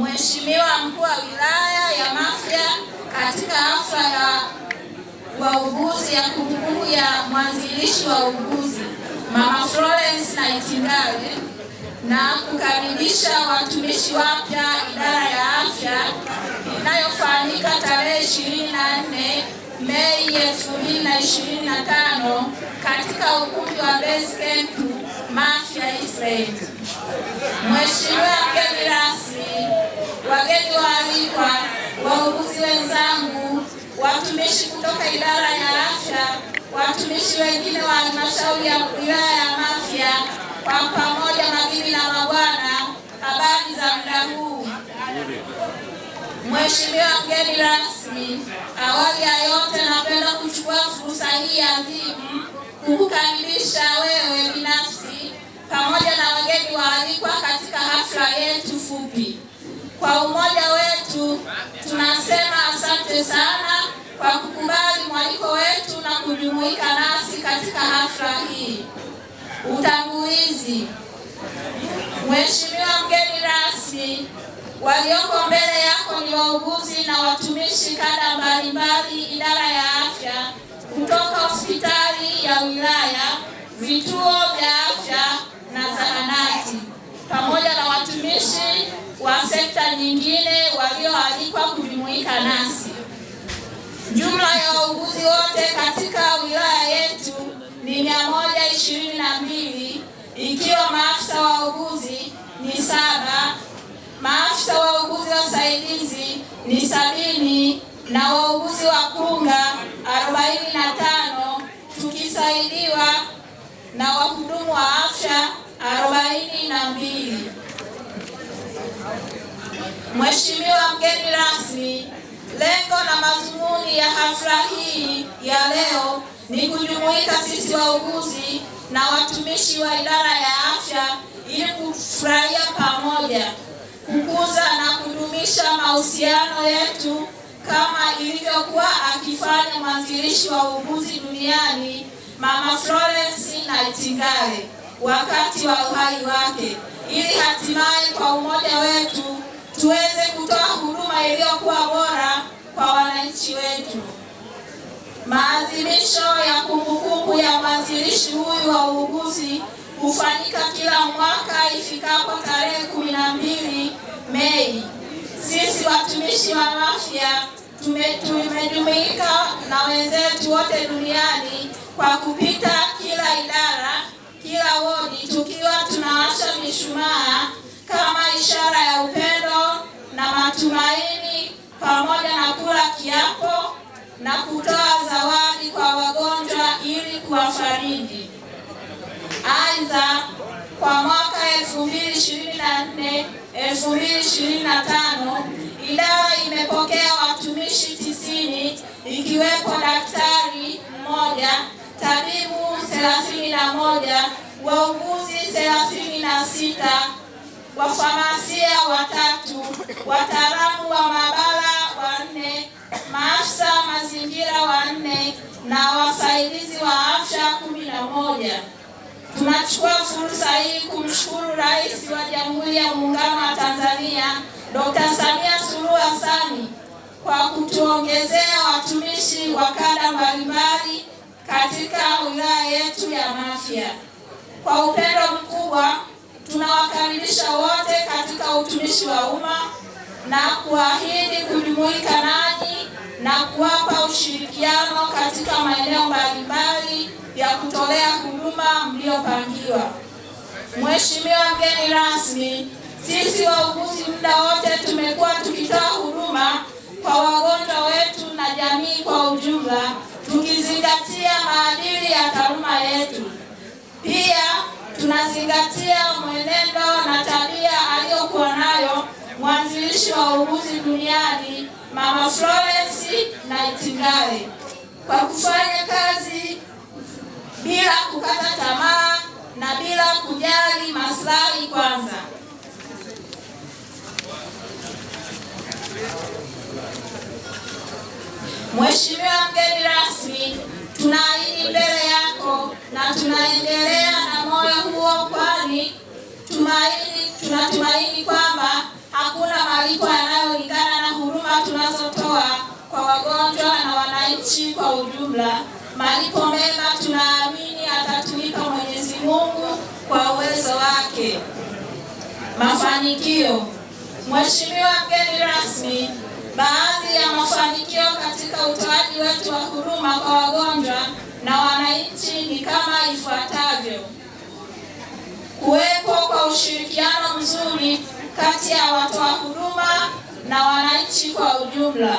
Mheshimiwa mkuu wa wilaya ya Mafia katika hafla ya wauguzi ya kumbukumbu ya mwanzilishi wa uguzi Mama Florence Nightingale na kukaribisha watumishi wapya idara ya afya inayofanyika tarehe 24 Mei 2025 katika ukumbi wa Base Camp Mafia East Mheshimiwa mgeni rasmi kutoka idara ya afya, watumishi wengine wa halmashauri ya wilaya ya Mafia, kwa pamoja, mabibi na mabwana, habari za muda huu. Mheshimiwa mgeni rasmi, awali ya yote, napenda kuchukua fursa hii adhimu kukukaribisha wewe binafsi pamoja na wageni waalikwa katika hafla yetu fupi. Kwa umoja wetu tunasema asante sana kwa kukubali kujumuika nasi katika hafla hii. Utangulizi. Mheshimiwa mgeni rasmi, walioko mbele yako ni wauguzi na watumishi kada mbalimbali idara ya afya kutoka hospitali ya wilaya, vituo vya afya na zahanati, pamoja na watumishi wa sekta nyingine walioalikwa Jumla ya wauguzi wote katika wilaya yetu ni mbili ikiwa maafisa wauguzi ni saba, maafisa wauguzi wasaidizi ni sabini na wauguzi wa kunga 45 tukisaidiwa na wahudumu wa afya mbili. Mheshimiwa mgeni rasmi, lengo na mazungumzo hafla hii ya leo ni kujumuika sisi wauguzi na watumishi wa idara ya afya ili kufurahia pamoja, kukuza na kudumisha mahusiano yetu kama ilivyokuwa akifanya mwanzilishi wa uuguzi duniani Mama Florence Nightingale wakati wa uhai wake, ili hatimaye kwa umoja wetu tuweze kutoa huduma iliyokuwa bora kwa wananchi wetu. Maadhimisho ya kumbukumbu ya mwanzilishi huyu wa uuguzi hufanyika kila mwaka ifikapo tarehe kumi na mbili Mei. Sisi watumishi wa afya tumejumuika na wenzetu wote duniani kwa kupita kila idara, kila wodi, tukiwa tunawasha mishumaa kama ishara ya upendo na matumaini, pamoja na kula kiapo na kutoa zawadi kwa wagonjwa ili kuwafariji. Aidha, kwa mwaka 2024 2025 idara imepokea watumishi tisini ikiwepo daktari mmoja, tabibu 31, wauguzi 36, wafamasia watatu, wataalamu wa maabara wanne maafisa mazingira wanne na wasaidizi wa afya kumi na moja. Tunachukua fursa hii kumshukuru Rais wa Jamhuri ya Muungano wa Tanzania Dr. Samia Suluhu Hassan kwa kutuongezea watumishi wa kada mbalimbali katika wilaya yetu ya Mafia. Kwa upendo mkubwa tunawakaribisha wote katika utumishi wa umma na kuahidi kujumuika nanyi na kuwapa ushirikiano katika maeneo mbalimbali ya kutolea huduma mliopangiwa. Mheshimiwa mgeni rasmi, sisi wauguzi muda wote tumekuwa tukitoa huduma kwa wagonjwa wetu na jamii kwa ujumla, tukizingatia maadili ya taaluma yetu. Pia tunazingatia mwenendo na tabia aliyokuwa nayo mwanzilishi wa uuguzi duniani Mama Florence Nightingale kwa kufanya kazi bila kukata tamaa na bila kujali maslahi kwanza. Mheshimiwa mgeni rasmi, tunaahidi mbele yako na tunaendelea na moyo huo, kwani tumaini tunatumaini kwamba hakuna malipo yanayolingana na huruma tunazotoa kwa wagonjwa na wananchi kwa ujumla. Malipo mema tunaamini atatulipa Mwenyezi Mungu kwa uwezo wake. Mafanikio. Mheshimiwa mgeni rasmi, baadhi ya mafanikio katika utoaji wetu wa huduma kwa wagonjwa na wananchi ni kama ifuatavyo: kuwepo kwa ushirikiano mzuri kati ya watoa huduma na wananchi kwa ujumla.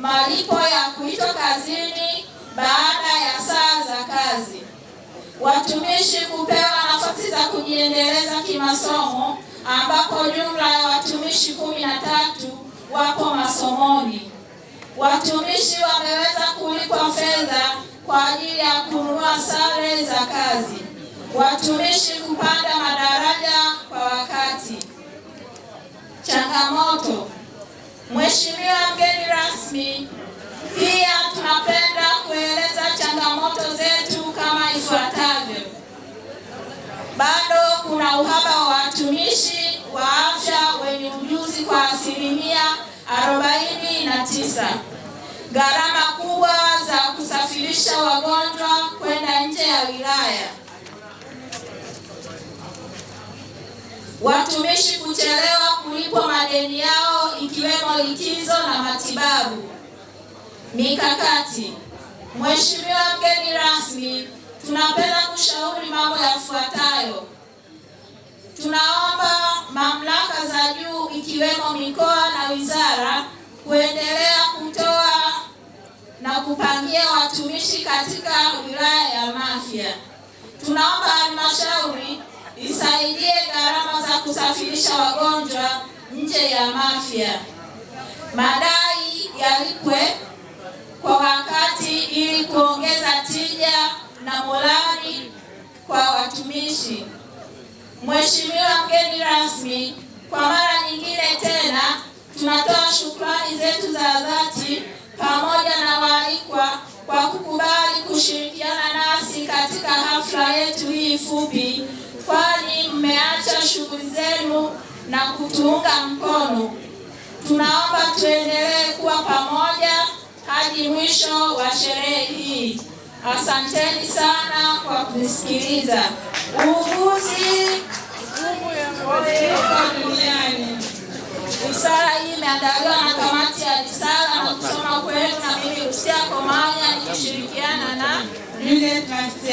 malipo ya kuitwa kazini baada ya saa za kazi, watumishi kupewa nafasi za kujiendeleza kimasomo, ambapo jumla ya watumishi kumi na tatu wapo masomoni. Watumishi wameweza kulipwa fedha kwa ajili ya kununua sare za kazi, watumishi kupanda madaraja kwa wakati. Changamoto. Mheshimiwa mgeni rasmi ufanisi kwa asilimia arobaini na tisa. Gharama kubwa za kusafirisha wagonjwa kwenda nje ya wilaya, watumishi kuchelewa kulipwa madeni yao ikiwemo likizo na matibabu. Mikakati. Mheshimiwa mgeni rasmi, tunapenda kushauri mambo yafuatayo. Tunaomba mamlaka za juu ikiwemo mikoa na wizara kuendelea kutoa na kupangia watumishi katika wilaya ya Mafia. Tunaomba halmashauri isaidie gharama za kusafirisha wagonjwa nje ya Mafia. Madai yalipwe kwa wakati ili kuongeza tija na morali kwa watumishi. Mheshimiwa mgeni rasmi, kwa mara nyingine tena tunatoa shukrani zetu za dhati pamoja na waalikwa kwa kukubali kushirikiana nasi katika hafla yetu hii fupi, kwani mmeacha shughuli zenu na kutuunga mkono. Tunaomba tuendelee kuwa pamoja hadi mwisho wa sherehe hii. Asanteni sana kwa kunisikiliza. Uuguzi a duniani. Risala hii imeandaliwa na kamati ya risala na kusoma kwetu na mimi Lucia Komanya nikishirikiana na